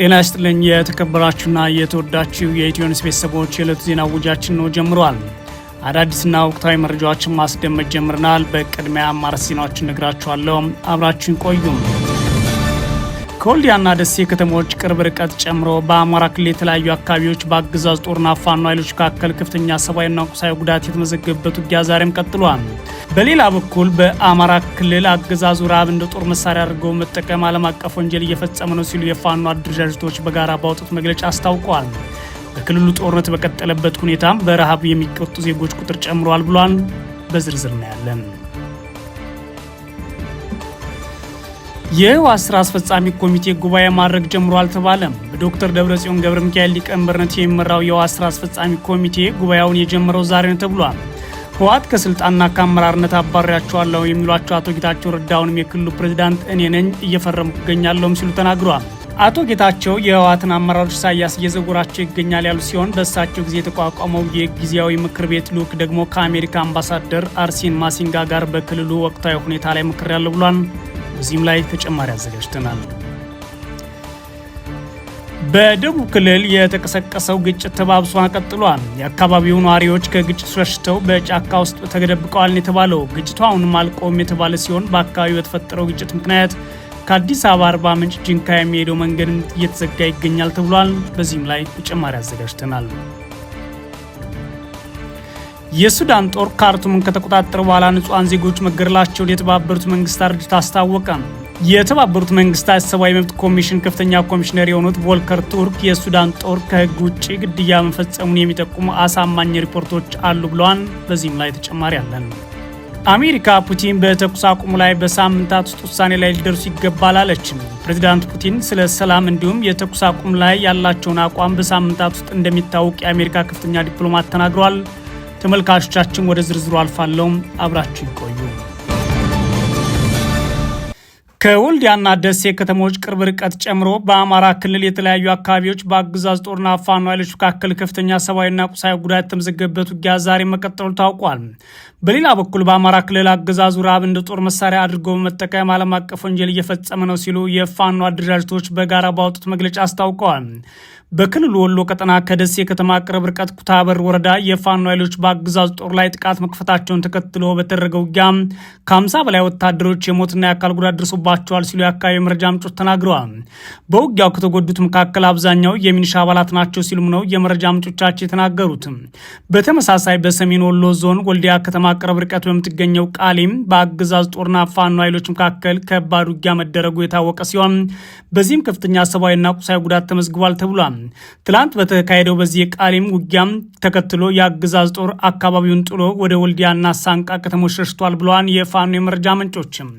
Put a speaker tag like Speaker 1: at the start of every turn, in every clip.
Speaker 1: ጤና ይስጥልኝ የተከበራችሁና የተወዳችሁ የኢትዮኒውስ ቤተሰቦች የዕለቱ ዜና ውጃችን ነው ጀምሯል። አዳዲስና ወቅታዊ መረጃዎችን ማስደመጥ ጀምረናል። በቅድሚያ አማራ ዜናዎችን ነግራችኋለሁ። አብራችን ቆዩም ከወልዲያና ደሴ ከተሞች ቅርብ ርቀት ጨምሮ በአማራ ክልል የተለያዩ አካባቢዎች በአገዛዝ ጦርና ፋኖ ኃይሎች መካከል ከፍተኛ ሰብአዊና ቁሳዊ ጉዳት የተመዘገበበት ውጊያ ዛሬም ቀጥሏል። በሌላ በኩል በአማራ ክልል አገዛዙ ረሃብ እንደ ጦር መሳሪያ አድርገው መጠቀም ዓለም አቀፍ ወንጀል እየፈጸመ ነው ሲሉ የፋኖ አደረጃጀቶች በጋራ ባወጡት መግለጫ አስታውቀዋል። በክልሉ ጦርነት በቀጠለበት ሁኔታም በረሃብ የሚቀጡ ዜጎች ቁጥር ጨምሯል ብሏል። በዝርዝር እናያለን። የህወሓት ስራ አስፈጻሚ ኮሚቴ ጉባኤ ማድረግ ጀምሯል ተባለም። በዶክተር ደብረጽዮን ገብረ ሚካኤል ሊቀመንበርነት የሚመራው የህወሓት ስራ አስፈጻሚ ኮሚቴ ጉባኤውን የጀመረው ዛሬ ነው ተብሏል። ህወሓት ከስልጣንና ከአመራርነት አባሪያቸዋለሁ የሚሏቸው አቶ ጌታቸው ረዳውንም የክልሉ ፕሬዚዳንት እኔ ነኝ እየፈረሙ ይገኛለሁም ሲሉ ተናግረዋል። አቶ ጌታቸው የህወሓትን አመራሮች ኢሳያስ እየዘጉራቸው ይገኛል ያሉ ሲሆን በእሳቸው ጊዜ የተቋቋመው የጊዜያዊ ምክር ቤት ልዑክ ደግሞ ከአሜሪካ አምባሳደር አርሲን ማሲንጋ ጋር በክልሉ ወቅታዊ ሁኔታ ላይ ምክር ያለው ብሏል። እዚህም ላይ ተጨማሪ አዘጋጅተናል። በደቡብ ክልል የተቀሰቀሰው ግጭት ተባብሶ ቀጥሏል። የአካባቢው ነዋሪዎች ከግጭት ሸሽተው በጫካ ውስጥ ተደብቀዋል የተባለው ግጭቱ አሁንም አልቆም የተባለ ሲሆን በአካባቢው በተፈጠረው ግጭት ምክንያት ከአዲስ አበባ አርባ ምንጭ ጅንካ የሚሄደው መንገድ እየተዘጋ ይገኛል ተብሏል። በዚህም ላይ ተጨማሪ አዘጋጅተናል። የሱዳን ጦር ካርቱምን ከተቆጣጠረ በኋላ ንጹሐን ዜጎች መገደላቸውን የተባበሩት መንግስታት ድርጅት አስታወቀ። የተባበሩት መንግስታት ሰብአዊ መብት ኮሚሽን ከፍተኛ ኮሚሽነር የሆኑት ቮልከር ቱርክ የሱዳን ጦር ከህግ ውጭ ግድያ መፈጸሙን የሚጠቁሙ አሳማኝ ሪፖርቶች አሉ ብለዋል። በዚህም ላይ ተጨማሪ አለን። አሜሪካ ፑቲን በተኩስ አቁሙ ላይ በሳምንታት ውስጥ ውሳኔ ላይ ሊደርሱ ይገባል አለችም። ፕሬዚዳንት ፑቲን ስለ ሰላም እንዲሁም የተኩስ አቁም ላይ ያላቸውን አቋም በሳምንታት ውስጥ እንደሚታወቅ የአሜሪካ ከፍተኛ ዲፕሎማት ተናግረዋል። ተመልካቾቻችን ወደ ዝርዝሩ አልፋለሁም፣ አብራችሁ ይቆዩ። ከወልዲያና ደሴ ከተሞች ቅርብ ርቀት ጨምሮ በአማራ ክልል የተለያዩ አካባቢዎች በአገዛዝ ጦርና ፋኖ ኃይሎች መካከል ከፍተኛ ሰብአዊና ቁሳዊ ጉዳት የተመዘገበበት ውጊያ ዛሬ መቀጠሉ ታውቋል። በሌላ በኩል በአማራ ክልል አገዛዙ ረሃብ እንደ ጦር መሳሪያ አድርጎ በመጠቀም ዓለም አቀፍ ወንጀል እየፈጸመ ነው ሲሉ የፋኖ አደራጅቶች በጋራ ባወጡት መግለጫ አስታውቀዋል። በክልሉ ወሎ ቀጠና ከደሴ ከተማ ቅርብ ርቀት ኩታበር ወረዳ የፋኖ ኃይሎች በአገዛዙ ጦር ላይ ጥቃት መክፈታቸውን ተከትሎ በተደረገ ውጊያ ከ50 በላይ ወታደሮች የሞትና የአካል ጉዳት ደርሶባቸዋል ሲሉ የአካባቢ መረጃ ምንጮች ተናግረዋል። በውጊያው ከተጎዱት መካከል አብዛኛው የሚኒሻ አባላት ናቸው ሲሉም ነው የመረጃ ምንጮቻቸው የተናገሩት። በተመሳሳይ በሰሜን ወሎ ዞን ወልዲያ ከተማ ቅርብ ርቀት በምትገኘው ቃሌም በአግዛዝ ጦርና ፋኖ ኃይሎች መካከል ከባድ ውጊያ መደረጉ የታወቀ ሲሆን በዚህም ከፍተኛ ሰብአዊና ቁሳዊ ጉዳት ተመዝግቧል ተብሏል። ትላንት በተካሄደው በዚህ የቃሊም ውጊያም ተከትሎ የአገዛዝ ጦር አካባቢውን ጥሎ ወደ ወልዲያና ሳንቃ ከተሞች ሸሽቷል ብለዋል የፋኖ የመረጃ ምንጮችም።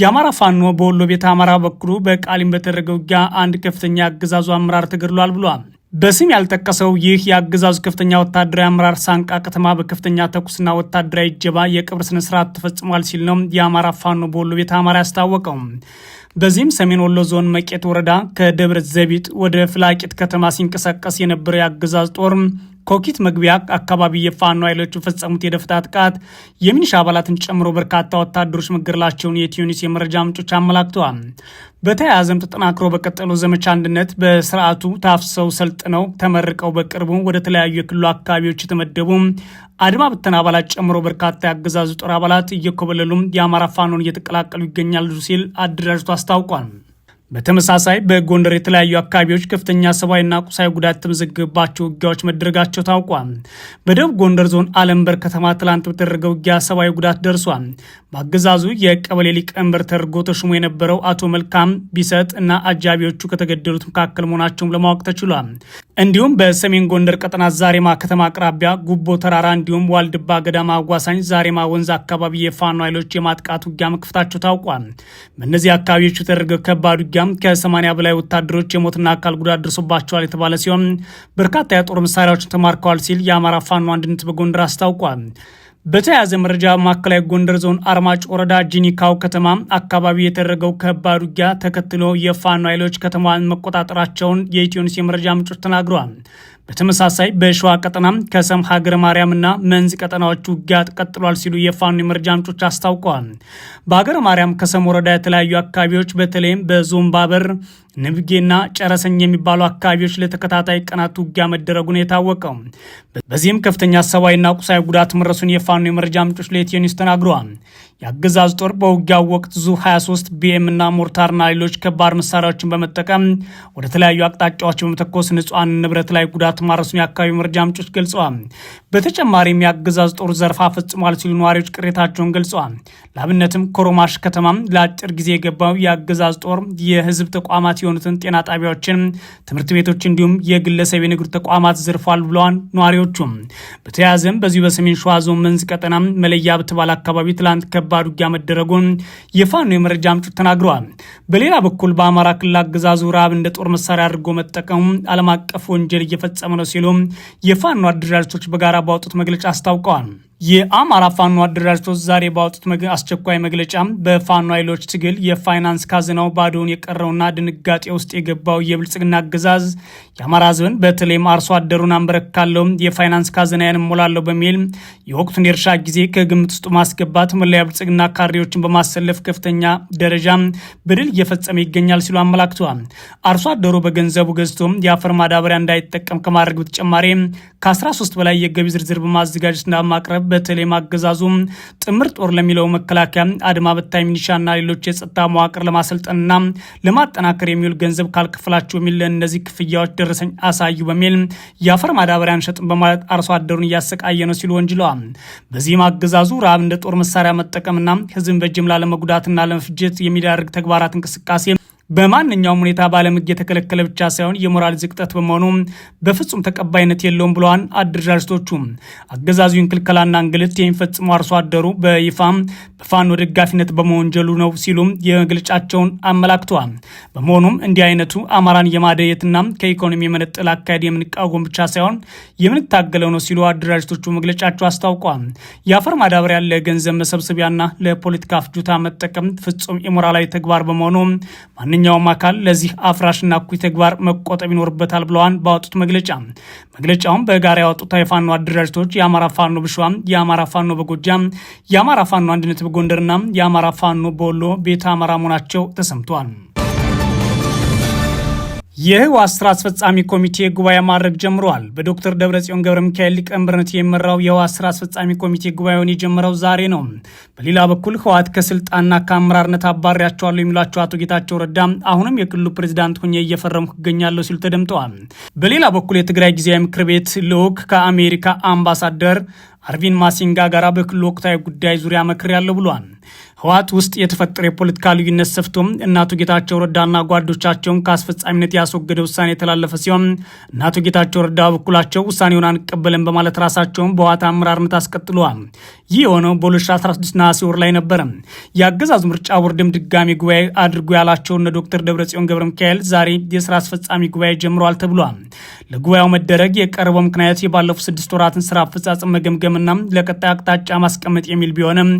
Speaker 1: የአማራ ፋኖ በወሎ ቤተ አማራ በኩሉ በቃሊም በተደረገ ውጊያ አንድ ከፍተኛ የአገዛዙ አመራር ተገድሏል ብሏል። በስም ያልጠቀሰው ይህ የአገዛዙ ከፍተኛ ወታደራዊ አመራር ሳንቃ ከተማ በከፍተኛ ተኩስና ወታደራዊ እጀባ የቅብር ስነስርዓት ተፈጽሟል ሲል ነው የአማራ ፋኖ በወሎ ቤተ አማራ ያስታወቀው። በዚህም ሰሜን ወሎ ዞን መቄት ወረዳ ከደብረ ዘቢጥ ወደ ፍላቂት ከተማ ሲንቀሳቀስ የነበረው የአገዛዝ ጦር ኮኪት መግቢያ አካባቢ የፋኖ ኃይሎች የፈጸሙት የደፍታ ጥቃት የሚኒሻ አባላትን ጨምሮ በርካታ ወታደሮች መገደላቸውን የቲዩኒስ የመረጃ ምንጮች አመላክተዋል። በተያያዘም ተጠናክሮ በቀጠለው ዘመቻ አንድነት በስርዓቱ ታፍሰው ሰልጥነው ተመርቀው በቅርቡ ወደ ተለያዩ የክልሉ አካባቢዎች የተመደቡ አድማ ብተና አባላት ጨምሮ በርካታ የአገዛዙ ጦር አባላት እየኮበለሉም የአማራ ፋኖን እየተቀላቀሉ ይገኛሉ ሲል አደራጅቱ አስታውቋል። በተመሳሳይ በጎንደር የተለያዩ አካባቢዎች ከፍተኛ ሰብአዊና ቁሳዊ ጉዳት የተመዘገበባቸው ውጊያዎች መደረጋቸው ታውቋል። በደቡብ ጎንደር ዞን አለምበር ከተማ ትላንት በተደረገ ውጊያ ሰብአዊ ጉዳት ደርሷል። በአገዛዙ የቀበሌ ሊቀመንበር ተደርጎ ተሹሞ የነበረው አቶ መልካም ቢሰጥ እና አጃቢዎቹ ከተገደሉት መካከል መሆናቸውም ለማወቅ ተችሏል። እንዲሁም በሰሜን ጎንደር ቀጠና ዛሬማ ከተማ አቅራቢያ ጉቦ ተራራ እንዲሁም ዋልድባ ገዳማ አዋሳኝ ዛሬማ ወንዝ አካባቢ የፋኖ ኃይሎች የማጥቃት ውጊያ መክፈታቸው ታውቋል። በእነዚህ አካባቢዎች የተደረገ ከባድ ውጊያ ግድያም ከ በላይ ወታደሮች የሞትና አካል ጉዳት ደርሶባቸዋል የተባለ ሲሆን በርካታ የጦር መሳሪያዎችን ተማርከዋል ሲል የአማራ ፋኖ አንድነት በጎንደር አስታውቋል። በተያያዘ መረጃ ማዕከላዊ ጎንደር ዞን አርማጭ ወረዳ ጂኒካው ከተማ አካባቢ የተደረገው ከባድ ውጊያ ተከትሎ የፋኖ ኃይሎች ከተማዋን መቆጣጠራቸውን የኢትዮኒስ የመረጃ ምንጮች ተናግረዋል። በተመሳሳይ በሸዋ ቀጠና ከሰም ሀገረ ማርያምና መንዝ ቀጠናዎች ውጊያ ቀጥሏል ሲሉ የፋኖ የመረጃ ምንጮች አስታውቀዋል። በሀገረ ማርያም ከሰም ወረዳ የተለያዩ አካባቢዎች በተለይም በዞምባበር ንብጌና ጨረሰኝ የሚባሉ አካባቢዎች ለተከታታይ ቀናት ውጊያ መደረጉን የታወቀው በዚህም ከፍተኛ ሰብአዊና ቁሳዊ ጉዳት መረሱን የፋኖ የመረጃ ምንጮች ለኢትዮ ኒውስ ተናግረዋል። የአገዛዝ ጦር በውጊያው ወቅት ዙ 23 ቢኤም እና ሞርታርና ሌሎች ከባድ መሳሪያዎችን በመጠቀም ወደ ተለያዩ አቅጣጫዎች በመተኮስ ንጹሐን ንብረት ላይ ጉዳት ማድረሱን የአካባቢ መረጃ ምንጮች ገልጸዋል። በተጨማሪም የአገዛዝ ጦር ዘርፋ ፈጽሟል ሲሉ ነዋሪዎች ቅሬታቸውን ገልጸዋል። ለአብነትም ኮሮማሽ ከተማ ለአጭር ጊዜ የገባው የአገዛዝ ጦር የህዝብ ተቋማት የሆኑትን ጤና ጣቢያዎችን፣ ትምህርት ቤቶች እንዲሁም የግለሰብ የንግድ ተቋማት ዘርፏል ብለዋል ነዋሪዎቹም። በተያያዘም በዚሁ በሰሜን ሸዋ ዞን መንዝ ቀጠና መለያ በተባለ አካባቢ ትላንት ከባ ከባድ ውጊያ መደረጉን የፋኖ የመረጃ ምንጮች ተናግረዋል። በሌላ በኩል በአማራ ክልል አገዛዙ ረሃብ እንደ ጦር መሳሪያ አድርጎ መጠቀሙ ዓለም አቀፍ ወንጀል እየፈጸመ ነው ሲሉ የፋኖ አደራጆች በጋራ ባወጡት መግለጫ አስታውቀዋል። የአማራ ፋኖ አደራጅቶች ዛሬ ባወጡት አስቸኳይ መግለጫ በፋኖ ኃይሎች ትግል የፋይናንስ ካዝናው ባዶውን የቀረውና ድንጋጤ ውስጥ የገባው የብልጽግና አገዛዝ የአማራ ህዝብን በተለይም አርሶ አደሩን አንበረክካለሁ፣ የፋይናንስ ካዝናዬን እሞላለሁ በሚል የወቅቱን የእርሻ ጊዜ ከግምት ውስጥ ማስገባት መለያ ብልጽግና ካድሬዎችን በማሰለፍ ከፍተኛ ደረጃ በድል እየፈጸመ ይገኛል ሲሉ አመላክተዋል። አርሶ አደሩ በገንዘቡ ገዝቶ የአፈር ማዳበሪያ እንዳይጠቀም ከማድረግ በተጨማሪ ከ13 በላይ የገቢ ዝርዝር በማዘጋጀት እንዳማቅረብ በተለይም አገዛዙም ጥምር ጦር ለሚለው መከላከያ አድማ በታይ ሚኒሻና ሌሎች የጸጥታ መዋቅር ለማሰልጠንና ለማጠናከር የሚውል ገንዘብ ካልከፍላቸው የሚል እነዚህ ክፍያዎች ደረሰኝ አሳዩ በሚል የአፈር ማዳበሪያ አንሸጥም በማለት አርሶ አደሩን እያሰቃየ ነው ሲሉ ወንጅለዋል። በዚህም አገዛዙ ረሃብ እንደ ጦር መሳሪያ መጠቀምና ህዝብን በጅምላ ለመጉዳትና ለመፍጀት የሚዳርግ ተግባራት እንቅስቃሴ በማንኛውም ሁኔታ በዓለም የተከለከለ ብቻ ሳይሆን የሞራል ዝቅጠት በመሆኑ በፍጹም ተቀባይነት የለውም ብለዋል አደረጃጀቶቹ። አገዛዙ ክልከላና እንግልት የሚፈጽመው አርሶ አደሩ በይፋም በፋኖ ደጋፊነት በመወንጀሉ ነው ሲሉም የመግለጫቸውን አመላክተዋል። በመሆኑም እንዲህ አይነቱ አማራን የማደየትና ከኢኮኖሚ የመነጠል አካሄድ የምንቃወም ብቻ ሳይሆን የምንታገለው ነው ሲሉ አድራጅቶቹ መግለጫቸው አስታውቋል። የአፈር ማዳበሪያ ለገንዘብ መሰብሰቢያና ለፖለቲካ ፍጆታ መጠቀም ፍጹም የሞራላዊ ተግባር በመሆኑ ማንኛውም አካል ለዚህ አፍራሽና እኩይ ተግባር መቆጠብ ይኖርበታል ብለዋል ባወጡት መግለጫ። መግለጫውም በጋራ ያወጡት የፋኖ አደራጅቶች የአማራ ፋኖ በሸዋ፣ የአማራ ፋኖ በጎጃም፣ የአማራ ፋኖ አንድነት በጎንደርና የአማራ ፋኖ በወሎ ቤተ አማራ መሆናቸው ተሰምቷል። የህወሓት ስራ አስፈጻሚ ኮሚቴ ጉባኤ ማድረግ ጀምሯል። በዶክተር ደብረጽዮን ገብረ ሚካኤል ሊቀመንበርነት የመራው የህወሓት ስራ አስፈጻሚ ኮሚቴ ጉባኤውን የጀመረው ዛሬ ነው። በሌላ በኩል ህወሓት ከስልጣንና ከአመራርነት አባሪያቸዋለሁ የሚሏቸው አቶ ጌታቸው ረዳ አሁንም የክልሉ ፕሬዚዳንት ሁኜ እየፈረምኩ እገኛለሁ ሲሉ ተደምጠዋል። በሌላ በኩል የትግራይ ጊዜያዊ ምክር ቤት ልዑክ ከአሜሪካ አምባሳደር አርቪን ማሲንጋ ጋር በክልሉ ወቅታዊ ጉዳይ ዙሪያ መክሬያለሁ ብሏል። ህወሓት ውስጥ የተፈጠረ የፖለቲካ ልዩነት ሰፍቶም እነ አቶ ጌታቸው ረዳና ጓዶቻቸውን ከአስፈጻሚነት ያስወገደ ውሳኔ የተላለፈ ሲሆን እነ አቶ ጌታቸው ረዳ በበኩላቸው ውሳኔውን አንቀበለን በማለት ራሳቸውን በህወሓት አመራርነት አስቀጥለዋል። ይህ የሆነው በ2016 ነሐሴ ወር ላይ ነበረ። የአገዛዙ ምርጫ ቦርድም ድጋሚ ጉባኤ አድርጎ ያላቸው እነ ዶክተር ደብረጽዮን ገብረ ሚካኤል ዛሬ የስራ አስፈጻሚ ጉባኤ ጀምረዋል ተብሏል። ለጉባኤው መደረግ የቀረበው ምክንያት የባለፉ ስድስት ወራትን ስራ አፈጻጸም መገምገምና ለቀጣይ አቅጣጫ ማስቀመጥ የሚል ቢሆንም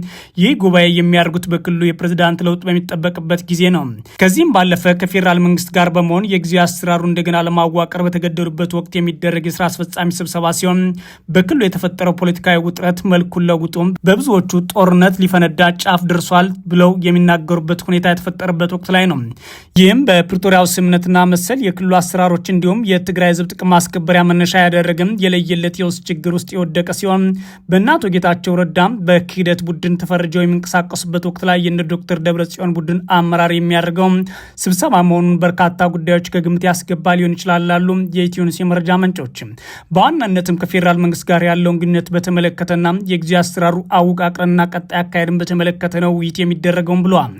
Speaker 1: ይህ ጉባኤ የሚያ የሚያደርጉት በክልሉ የፕሬዝዳንት ለውጥ በሚጠበቅበት ጊዜ ነው። ከዚህም ባለፈ ከፌዴራል መንግስት ጋር በመሆን የጊዜያዊ አሰራሩ እንደገና ለማዋቀር በተገደዱበት ወቅት የሚደረግ የስራ አስፈጻሚ ስብሰባ ሲሆን በክልሉ የተፈጠረው ፖለቲካዊ ውጥረት መልኩን ለውጡም በብዙዎቹ ጦርነት ሊፈነዳ ጫፍ ደርሷል ብለው የሚናገሩበት ሁኔታ የተፈጠረበት ወቅት ላይ ነው። ይህም በፕሪቶሪያው ስምምነትና መሰል የክልሉ አሰራሮች እንዲሁም የትግራይ ህዝብ ጥቅም ማስከበሪያ መነሻ ያደረግም የለየለት የውስጥ ችግር ውስጥ የወደቀ ሲሆን በእነ አቶ ጌታቸው ረዳም በክህደት ቡድን ተፈርጀው የሚንቀሳቀሱበት በሚገኙበት ወቅት ላይ የነ ዶክተር ደብረጽዮን ቡድን አመራር የሚያደርገው ስብሰባ መሆኑን በርካታ ጉዳዮች ከግምት ያስገባ ሊሆን ይችላል ላሉ የኢትዮንስ የመረጃ ምንጮች በዋናነትም ከፌዴራል መንግስት ጋር ያለውን ግንኙነት በተመለከተና የጊዜ አሰራሩ አወቃቀርና ቀጣይ አካሄድን በተመለከተ ነው ውይይት የሚደረገውም ብለዋል።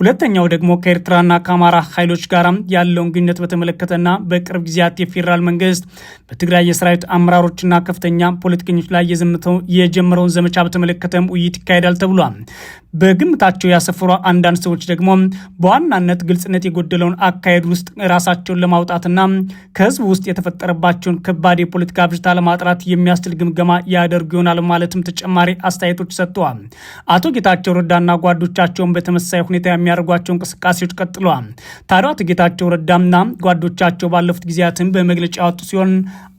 Speaker 1: ሁለተኛው ደግሞ ከኤርትራና ከአማራ ኃይሎች ጋር ያለውን ግንኙነት በተመለከተና በቅርብ ጊዜያት የፌዴራል መንግስት በትግራይ የሰራዊት አመራሮችና ከፍተኛ ፖለቲከኞች ላይ የጀመረውን ዘመቻ በተመለከተም ውይይት ይካሄዳል ተብሏል። በዝምታቸው ያሰፈሩ አንዳንድ ሰዎች ደግሞ በዋናነት ግልጽነት የጎደለውን አካሄድ ውስጥ ራሳቸውን ለማውጣትና ከህዝብ ውስጥ የተፈጠረባቸውን ከባድ የፖለቲካ ብዥታ ለማጥራት የሚያስችል ግምገማ ያደርጉ ይሆናል ማለትም ተጨማሪ አስተያየቶች ሰጥተዋል። አቶ ጌታቸው ረዳና ጓዶቻቸውን በተመሳሳይ ሁኔታ የሚያደርጓቸው እንቅስቃሴዎች ቀጥለዋል። ታዲያ አቶ ጌታቸው ረዳና ጓዶቻቸው ባለፉት ጊዜያትን በመግለጫ ያወጡ ሲሆን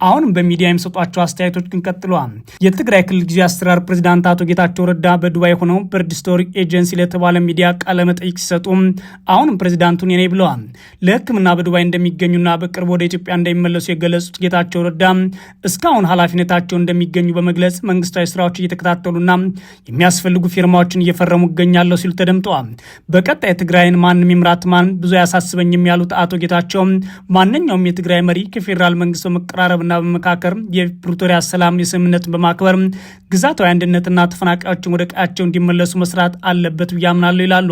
Speaker 1: አሁንም በሚዲያ የሚሰጧቸው አስተያየቶች ግን ቀጥለዋል። የትግራይ ክልል ጊዜ አስተዳደር ፕሬዚዳንት አቶ ጌታቸው ረዳ በዱባይ ሆነው በርድ ስቶሪ ኤጀንሲ ለተባለ ሚዲያ ቃለመጠይቅ ሲሰጡም አሁንም ፕሬዚዳንቱን የኔ ብለዋል። ለሕክምና በዱባይ እንደሚገኙና በቅርብ ወደ ኢትዮጵያ እንደሚመለሱ የገለጹት ጌታቸው ረዳ እስካሁን ኃላፊነታቸው እንደሚገኙ በመግለጽ መንግስታዊ ስራዎች እየተከታተሉና የሚያስፈልጉ ፊርማዎችን እየፈረሙ ይገኛለሁ ሲሉ ተደምጠዋል። በቀጣይ ትግራይን ማንም ይምራት ማን ብዙ አያሳስበኝም ያሉት አቶ ጌታቸው ማንኛውም የትግራይ መሪ ከፌዴራል መንግስት በመቀራረብና በመካከር የፕሪቶሪያ ሰላም የስምምነትን በማክበር ግዛታዊ አንድነትና ተፈናቃዮችን ወደ ቀያቸው እንዲመለሱ መስራት አለ አለበት ብዬ አምናለሁ ይላሉ።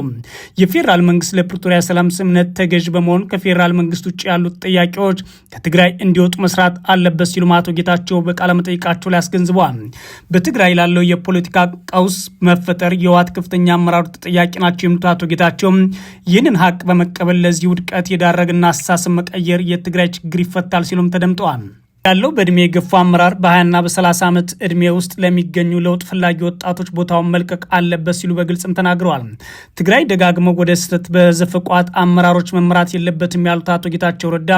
Speaker 1: የፌዴራል መንግስት ለፕሪቶሪያ ሰላም ስምምነት ተገዥ በመሆን ከፌዴራል መንግስት ውጭ ያሉት ጥያቄዎች ከትግራይ እንዲወጡ መስራት አለበት ሲሉም አቶ ጌታቸው በቃለመጠይቃቸው ላይ አስገንዝበዋል። በትግራይ ላለው የፖለቲካ ቀውስ መፈጠር የህወሓት ከፍተኛ አመራሩ ተጠያቂ ናቸው የሚሉት አቶ ጌታቸው ይህንን ሀቅ በመቀበል ለዚህ ውድቀት የዳረግና አስተሳሰብ መቀየር የትግራይ ችግር ይፈታል ሲሉም ተደምጠዋል። ያለው በእድሜ የገፉ አመራር በ20ና በ30 ዓመት እድሜ ውስጥ ለሚገኙ ለውጥ ፈላጊ ወጣቶች ቦታውን መልቀቅ አለበት ሲሉ በግልጽም ተናግረዋል። ትግራይ ደጋግመው ወደ ስህተት በዘፈቋት አመራሮች መመራት የለበትም ያሉት አቶ ጌታቸው ረዳ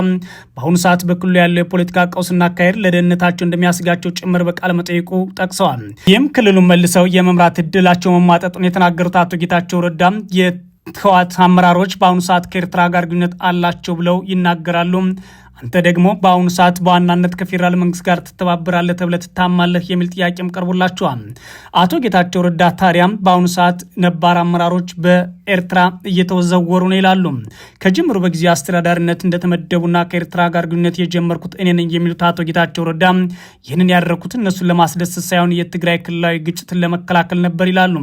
Speaker 1: በአሁኑ ሰዓት በክልሉ ያለው የፖለቲካ ቀውስና አካሄድ ለደህንነታቸው እንደሚያስጋቸው ጭምር በቃለ መጠይቁ ጠቅሰዋል። ይህም ክልሉን መልሰው የመምራት እድላቸው መሟጠጡን የተናገሩት አቶ ጌታቸው ረዳ የህወሓት አመራሮች በአሁኑ ሰዓት ከኤርትራ ጋር ግንኙነት አላቸው ብለው ይናገራሉ አንተ ደግሞ በአሁኑ ሰዓት በዋናነት ከፌዴራል መንግስት ጋር ትተባበራለህ ተብለህ ትታማለህ የሚል ጥያቄም ቀርቦላቸዋል። አቶ ጌታቸው ረዳ ታዲያም በአሁኑ ሰዓት ነባር አመራሮች በ ኤርትራ እየተወዘወሩ ነው ይላሉ። ከጅምሩ በጊዜ አስተዳዳሪነት እንደተመደቡና ከኤርትራ ጋር ግንኙነት የጀመርኩት እኔ ነኝ የሚሉት አቶ ጌታቸው ረዳ ይህንን ያደረኩት እነሱን ለማስደሰት ሳይሆን የትግራይ ክልላዊ ግጭትን ለመከላከል ነበር ይላሉ።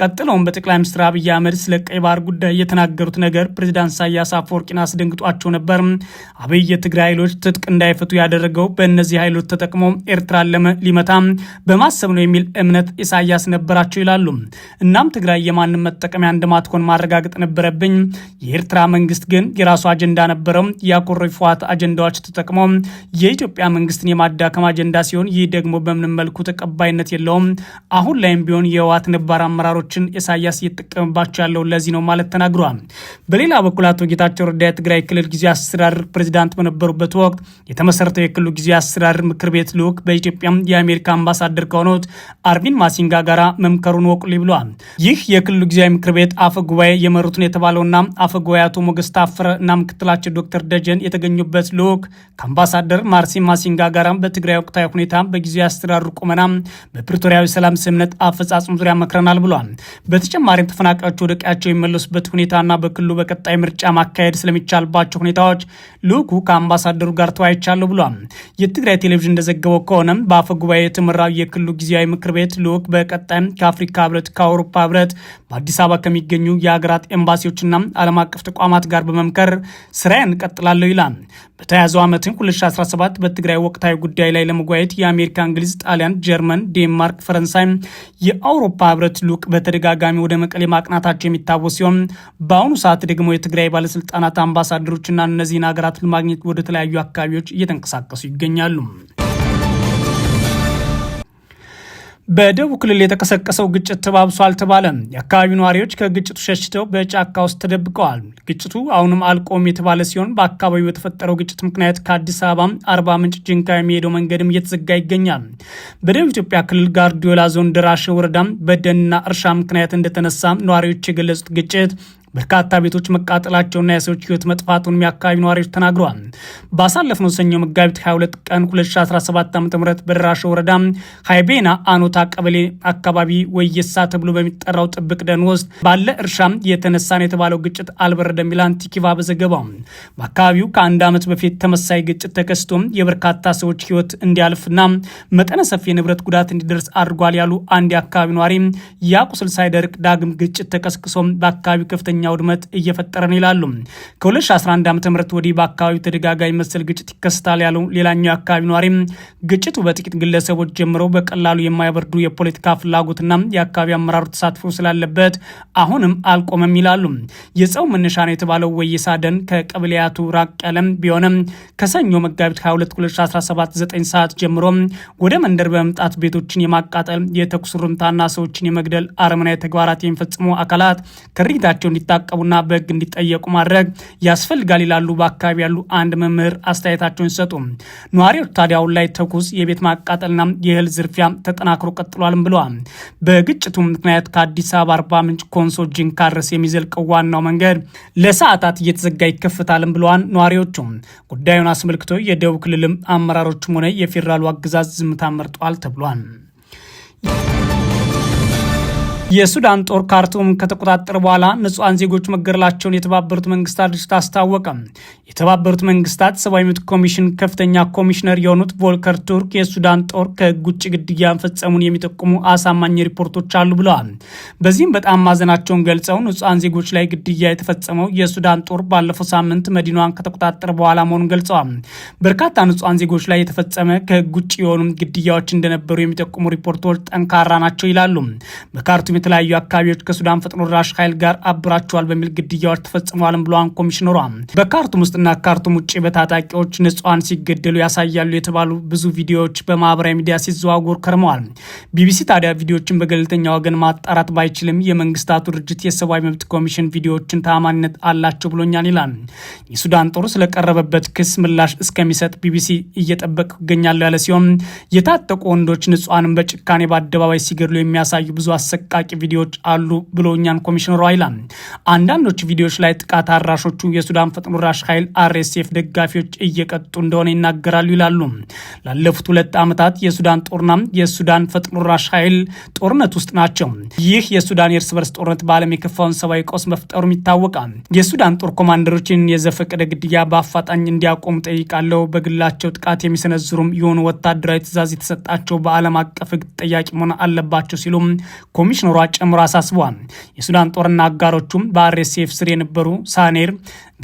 Speaker 1: ቀጥለውም በጠቅላይ ሚኒስትር አብይ አህመድ ስለ ቀይ ባህር ጉዳይ የተናገሩት ነገር ፕሬዚዳንት ኢሳያስ አፈወርቂን አስደንግጧቸው ነበር። አብይ የትግራይ ኃይሎች ትጥቅ እንዳይፈቱ ያደረገው በእነዚህ ኃይሎች ተጠቅሞ ኤርትራን ሊመታ በማሰብ ነው የሚል እምነት ኢሳያስ ነበራቸው ይላሉ። እናም ትግራይ የማንም መጠቀሚያ እንደማትሆን መሆናቸውን ማረጋገጥ ነበረብኝ። የኤርትራ መንግስት ግን የራሱ አጀንዳ ነበረው። የአኮሪ አጀንዳዎች ተጠቅሞ የኢትዮጵያ መንግስትን የማዳከም አጀንዳ ሲሆን፣ ይህ ደግሞ በምንም መልኩ ተቀባይነት የለውም። አሁን ላይም ቢሆን የህወሓት ነባር አመራሮችን ኢሳያስ እየተጠቀምባቸው ያለው ለዚህ ነው ማለት ተናግሯል። በሌላ በኩል አቶ ጌታቸው ረዳ የትግራይ ክልል ጊዜ አስተዳደር ፕሬዚዳንት በነበሩበት ወቅት የተመሰረተው የክልሉ ጊዜ አስተዳደር ምክር ቤት ልዑክ በኢትዮጵያ የአሜሪካ አምባሳደር ከሆኑት አርቪን ማሲንጋ ጋራ መምከሩን ወቁልኝ ብለዋል። ይህ የክልሉ ጊዜያዊ ምክር ቤት አፈ ጉባኤ የመሩትን የተባለውና አፈጉባኤ አቶ ሞገስ ታፈረ እና ምክትላቸው ዶክተር ደጀን የተገኙበት ልዑክ ከአምባሳደር ማርሲን ማሲንጋ ጋር በትግራይ ወቅታዊ ሁኔታ በጊዜ አስተዳደሩ ቁመና በፕሪቶሪያዊ ሰላም ስምምነት አፈጻጽም ዙሪያ መክረናል ብሏል። በተጨማሪም ተፈናቃዮች ወደ ቀያቸው የሚመለሱበት ሁኔታና በክልሉ በቀጣይ ምርጫ ማካሄድ ስለሚቻልባቸው ሁኔታዎች ልዑኩ ከአምባሳደሩ ጋር ተወያይቻለሁ ብሏል። የትግራይ ቴሌቪዥን እንደዘገበው ከሆነ በአፈ ጉባኤ የተመራው የክልሉ ጊዜያዊ ምክር ቤት ልዑክ በቀጣይ ከአፍሪካ ህብረት፣ ከአውሮፓ ህብረት በአዲስ አበባ ከሚገኙ የሀገራት ኤምባሲዎችና ዓለም አቀፍ ተቋማት ጋር በመምከር ስራዬን እቀጥላለሁ ይላል። በተያያዘው ዓመትን 2017 በትግራይ ወቅታዊ ጉዳይ ላይ ለመጓየት የአሜሪካ፣ እንግሊዝ፣ ጣሊያን፣ ጀርመን፣ ዴንማርክ፣ ፈረንሳይ፣ የአውሮፓ ህብረት ልዑክ በተደጋጋሚ ወደ መቀሌ ማቅናታቸው የሚታወስ ሲሆን በአሁኑ ሰዓት ደግሞ የትግራይ ባለስልጣናት አምባሳደሮችና እነዚህን ሀገራት ለማግኘት ወደ ተለያዩ አካባቢዎች እየተንቀሳቀሱ ይገኛሉ። በደቡብ ክልል የተቀሰቀሰው ግጭት ተባብሶ አልተባለም። የአካባቢው ነዋሪዎች ከግጭቱ ሸሽተው በጫካ ውስጥ ተደብቀዋል። ግጭቱ አሁንም አልቆም የተባለ ሲሆን በአካባቢው በተፈጠረው ግጭት ምክንያት ከአዲስ አበባ አርባ ምንጭ ጅንካ የሚሄደው መንገድም እየተዘጋ ይገኛል። በደቡብ ኢትዮጵያ ክልል ጋርዲዮላ ዞን ደራሸ ወረዳም በደንና እርሻ ምክንያት እንደተነሳ ነዋሪዎች የገለጹት ግጭት በርካታ ቤቶች መቃጠላቸውና የሰዎች ህይወት መጥፋቱን የአካባቢ ነዋሪዎች ተናግረዋል። ባሳለፍነው ሰኞ መጋቢት 22 ቀን 2017 ም በደራሸ ወረዳ ሀይቤና አኖታ ቀበሌ አካባቢ ወየሳ ተብሎ በሚጠራው ጥብቅ ደን ውስጥ ባለ እርሻ የተነሳ የተባለው ግጭት አልበረደም ይላል ቲኪቫ በዘገባው። በአካባቢው ከአንድ ዓመት በፊት ተመሳይ ግጭት ተከስቶ የበርካታ ሰዎች ህይወት እንዲያልፍና መጠነ ሰፊ የንብረት ጉዳት እንዲደርስ አድርጓል ያሉ አንድ የአካባቢ ነዋሪ ያ ቁስል ሳይደርቅ ዳግም ግጭት ተቀስቅሶ በአካባቢው ከፍተኛ ከፍተኛ ውድመት እየፈጠረን ይላሉ። ከ2011 ዓ ም ወዲህ በአካባቢው ተደጋጋሚ መሰል ግጭት ይከሰታል ያሉ ሌላኛው አካባቢ ነዋሪም ግጭቱ በጥቂት ግለሰቦች ጀምሮ በቀላሉ የማይበርዱ የፖለቲካ ፍላጎትና የአካባቢ አመራሩ ተሳትፎ ስላለበት አሁንም አልቆመም ይላሉ። የጸው መነሻ ነው የተባለው ወይሳ ደን ከቀበሌያቱ ራቅ ያለም ቢሆንም ከሰኞ መጋቢት 22 2017 9 ሰዓት ጀምሮ ወደ መንደር በመምጣት ቤቶችን የማቃጠል የተኩስ ሩምታና ሰዎችን የመግደል አረመናዊ ተግባራት የሚፈጽሙ አካላት ከድርጊታቸው እንዲታ እንዲታቀቡና በህግ እንዲጠየቁ ማድረግ ያስፈልጋል ይላሉ በአካባቢ ያሉ አንድ መምህር አስተያየታቸውን ሲሰጡ። ነዋሪዎች ታዲያ አሁን ላይ ተኩስ፣ የቤት ማቃጠልና የእህል ዝርፊያ ተጠናክሮ ቀጥሏልም ብለዋል። በግጭቱ ምክንያት ከአዲስ አበባ አርባ ምንጭ ኮንሶ ጂንካረስ የሚዘልቀው ዋናው መንገድ ለሰዓታት እየተዘጋ ይከፍታልም ብለዋል ነዋሪዎቹ። ጉዳዩን አስመልክቶ የደቡብ ክልልም አመራሮችም ሆነ የፌዴራሉ አገዛዝ ዝምታ መርጧል ተብሏል። የሱዳን ጦር ካርቱም ከተቆጣጠረ በኋላ ንጹሐን ዜጎች መገደላቸውን የተባበሩት መንግስታት ድርጅት አስታወቀ። የተባበሩት መንግስታት ሰብአዊ መብት ኮሚሽን ከፍተኛ ኮሚሽነር የሆኑት ቮልከር ቱርክ የሱዳን ጦር ከህግ ውጭ ግድያ መፈጸሙን የሚጠቁሙ አሳማኝ ሪፖርቶች አሉ ብለዋል። በዚህም በጣም ማዘናቸውን ገልጸው ንጹሐን ዜጎች ላይ ግድያ የተፈጸመው የሱዳን ጦር ባለፈው ሳምንት መዲናዋን ከተቆጣጠረ በኋላ መሆኑን ገልጸዋል። በርካታ ንጹሐን ዜጎች ላይ የተፈጸመ ከህግ ውጭ የሆኑ ግድያዎች እንደነበሩ የሚጠቁሙ ሪፖርቶች ጠንካራ ናቸው ይላሉ። በካርቱም የተለያዩ አካባቢዎች ከሱዳን ፈጥኖ ደራሽ ኃይል ጋር አብራቸዋል በሚል ግድያዎች ተፈጽመዋልም ብለዋን ኮሚሽነሯ በካርቱም ውስጥና ካርቱም ውጭ በታጣቂዎች ንጹሐን ሲገደሉ ያሳያሉ የተባሉ ብዙ ቪዲዮዎች በማህበራዊ ሚዲያ ሲዘዋወሩ ከርመዋል። ቢቢሲ ታዲያ ቪዲዮዎችን በገለልተኛ ወገን ማጣራት ባይችልም የመንግስታቱ ድርጅት የሰብአዊ መብት ኮሚሽን ቪዲዮዎችን ተአማኒነት አላቸው ብሎኛል ይላል። የሱዳን ጦር ስለቀረበበት ክስ ምላሽ እስከሚሰጥ ቢቢሲ እየጠበቅ ይገኛለሁ ያለ ሲሆን የታጠቁ ወንዶች ንጹሐንን በጭካኔ በአደባባይ ሲገድሉ የሚያሳዩ ብዙ አሰቃቂ ቪዲዮዎች አሉ ብሎኛን ኮሚሽነሩ አይላም። አንዳንዶቹ ቪዲዮዎች ላይ ጥቃት አራሾቹ የሱዳን ፈጥኖ ደራሽ ኃይል አርኤስኤፍ ደጋፊዎች እየቀጡ እንደሆነ ይናገራሉ ይላሉ። ላለፉት ሁለት ዓመታት የሱዳን ጦርና የሱዳን ፈጥኖ ደራሽ ኃይል ጦርነት ውስጥ ናቸው። ይህ የሱዳን የእርስ በርስ ጦርነት በዓለም የከፋውን ሰብአዊ ቀውስ መፍጠሩም ይታወቃል። የሱዳን ጦር ኮማንደሮችን የዘፈቀደ ግድያ በአፋጣኝ እንዲያቆሙ ጠይቃለሁ። በግላቸው ጥቃት የሚሰነዝሩም የሆኑ ወታደራዊ ትእዛዝ የተሰጣቸው በዓለም አቀፍ ሕግ ጠያቂ መሆን አለባቸው ሲሉም ኮሚሽነሩ መሆኗ ጨምሮ አሳስቧል። የሱዳን ጦርና አጋሮቹም በአርኤስኤፍ ስር የነበሩ ሳኔር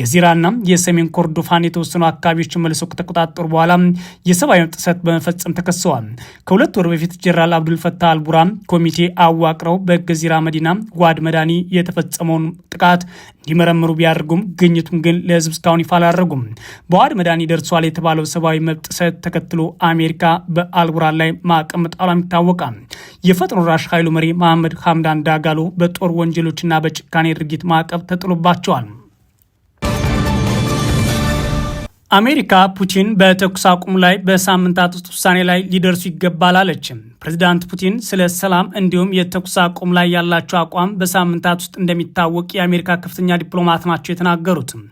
Speaker 1: ገዚራና የሰሜን ኮርዶፋን የተወሰኑ አካባቢዎች መልሶ ከተቆጣጠሩ በኋላ የሰብአዊ ጥሰት በመፈጸም ተከሰዋል። ከሁለት ወር በፊት ጀነራል አብዱልፈታ አልቡራ ኮሚቴ አዋቅረው በገዚራ መዲና ዋድ መዳኒ የተፈጸመውን ጥቃት እንዲመረምሩ ቢያደርጉም ግኝቱን ግን ለህዝብ እስካሁን ይፋ አላደረጉም። በዋድ መዳኒ ደርሷል የተባለው ሰብአዊ መብት ጥሰት ተከትሎ አሜሪካ በአልቡራ ላይ ማዕቀብ መጣሏም ይታወቃል። የፈጥኖ ራሽ ኃይሉ መሪ መሐመድ ሐምዳን ዳጋሎ በጦር ወንጀሎችና በጭካኔ ድርጊት ማዕቀብ ተጥሎባቸዋል። አሜሪካ ፑቲን በተኩስ አቁም ላይ በሳምንታት ውስጥ ውሳኔ ላይ ሊደርሱ ይገባል አለችም። ፕሬዚዳንት ፑቲን ስለ ሰላም እንዲሁም የተኩስ አቁም ላይ ያላቸው አቋም በሳምንታት ውስጥ እንደሚታወቅ የአሜሪካ ከፍተኛ ዲፕሎማት ናቸው የተናገሩትም።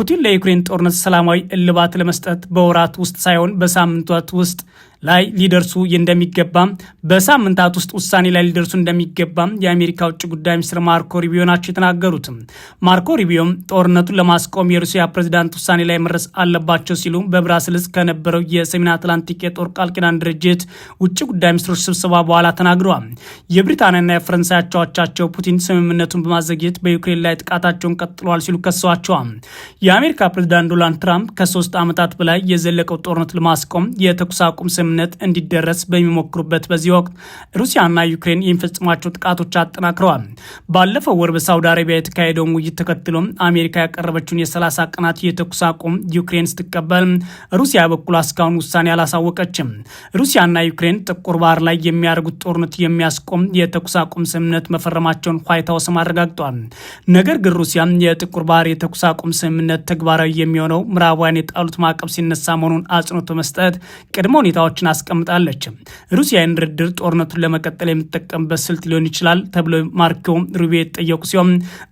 Speaker 1: ፑቲን ለዩክሬን ጦርነት ሰላማዊ እልባት ለመስጠት በወራት ውስጥ ሳይሆን በሳምንታት ውስጥ ላይ ሊደርሱ እንደሚገባም በሳምንታት ውስጥ ውሳኔ ላይ ሊደርሱ እንደሚገባም የአሜሪካ ውጭ ጉዳይ ሚኒስትር ማርኮ ሪቢዮ ናቸው የተናገሩት ማርኮ ሪቢዮም ጦርነቱን ለማስቆም የሩሲያ ፕሬዚዳንት ውሳኔ ላይ መድረስ አለባቸው ሲሉ በብራስልስ ከነበረው የሰሜን አትላንቲክ የጦር ቃል ኪዳን ድርጅት ውጭ ጉዳይ ሚኒስትሮች ስብሰባ በኋላ ተናግረዋል። የብሪታንያና የፈረንሳይ አቻዎቻቸው ፑቲን ስምምነቱን በማዘግየት በዩክሬን ላይ ጥቃታቸውን ቀጥለዋል ሲሉ ከሰዋቸዋል። የአሜሪካ ፕሬዚዳንት ዶናልድ ትራምፕ ከሶስት ዓመታት በላይ የዘለቀው ጦርነት ለማስቆም የተኩስ አቁም ስምምነት እንዲደረስ በሚሞክሩበት በዚህ ወቅት ሩሲያና ዩክሬን የሚፈጽሟቸው ጥቃቶች አጠናክረዋል። ባለፈው ወር በሳውዲ አረቢያ የተካሄደውን ውይይት ተከትሎም አሜሪካ ያቀረበችውን የ30 ቀናት የተኩስ አቁም ዩክሬን ስትቀበል፣ ሩሲያ በኩል እስካሁን ውሳኔ አላሳወቀችም። ሩሲያና ዩክሬን ጥቁር ባህር ላይ የሚያደርጉት ጦርነት የሚያስቆም የተኩስ አቁም ስምምነት መፈረማቸውን ዋይት ሀውስም አረጋግጧል። ነገር ግን ሩሲያ የጥቁር ባህር የተኩስ አቁም ስምምነት ተግባራዊ የሚሆነው ምዕራባውያን የጣሉት ማዕቀብ ሲነሳ መሆኑን አጽንኦት በመስጠት ቅድመ ሁኔታዎች አላማዎችን አስቀምጣለች። ሩሲያ ድርድር ጦርነቱን ለመቀጠል የምትጠቀምበት ስልት ሊሆን ይችላል ተብሎ ማርኮ ሩቢዮ የተጠየቁ ሲሆን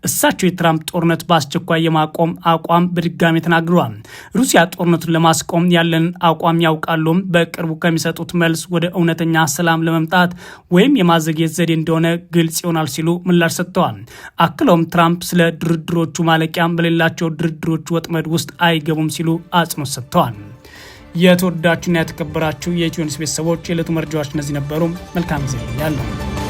Speaker 1: እሳቸው የትራምፕ ጦርነት በአስቸኳይ የማቆም አቋም በድጋሚ ተናግረዋል። ሩሲያ ጦርነቱን ለማስቆም ያለን አቋም ያውቃሉ። በቅርቡ ከሚሰጡት መልስ ወደ እውነተኛ ሰላም ለመምጣት ወይም የማዘግየት ዘዴ እንደሆነ ግልጽ ይሆናል ሲሉ ምላሽ ሰጥተዋል። አክለውም ትራምፕ ስለ ድርድሮቹ ማለቂያም በሌላቸው ድርድሮቹ ወጥመድ ውስጥ አይገቡም ሲሉ አጽንኦት ሰጥተዋል። የተወዳችሁና የተከበራችሁ የኢትዮኒውስ ቤተሰቦች የዕለቱ መረጃዎች እነዚህ ነበሩ። መልካም ጊዜ ያለው